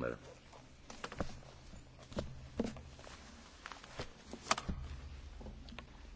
σήμερα.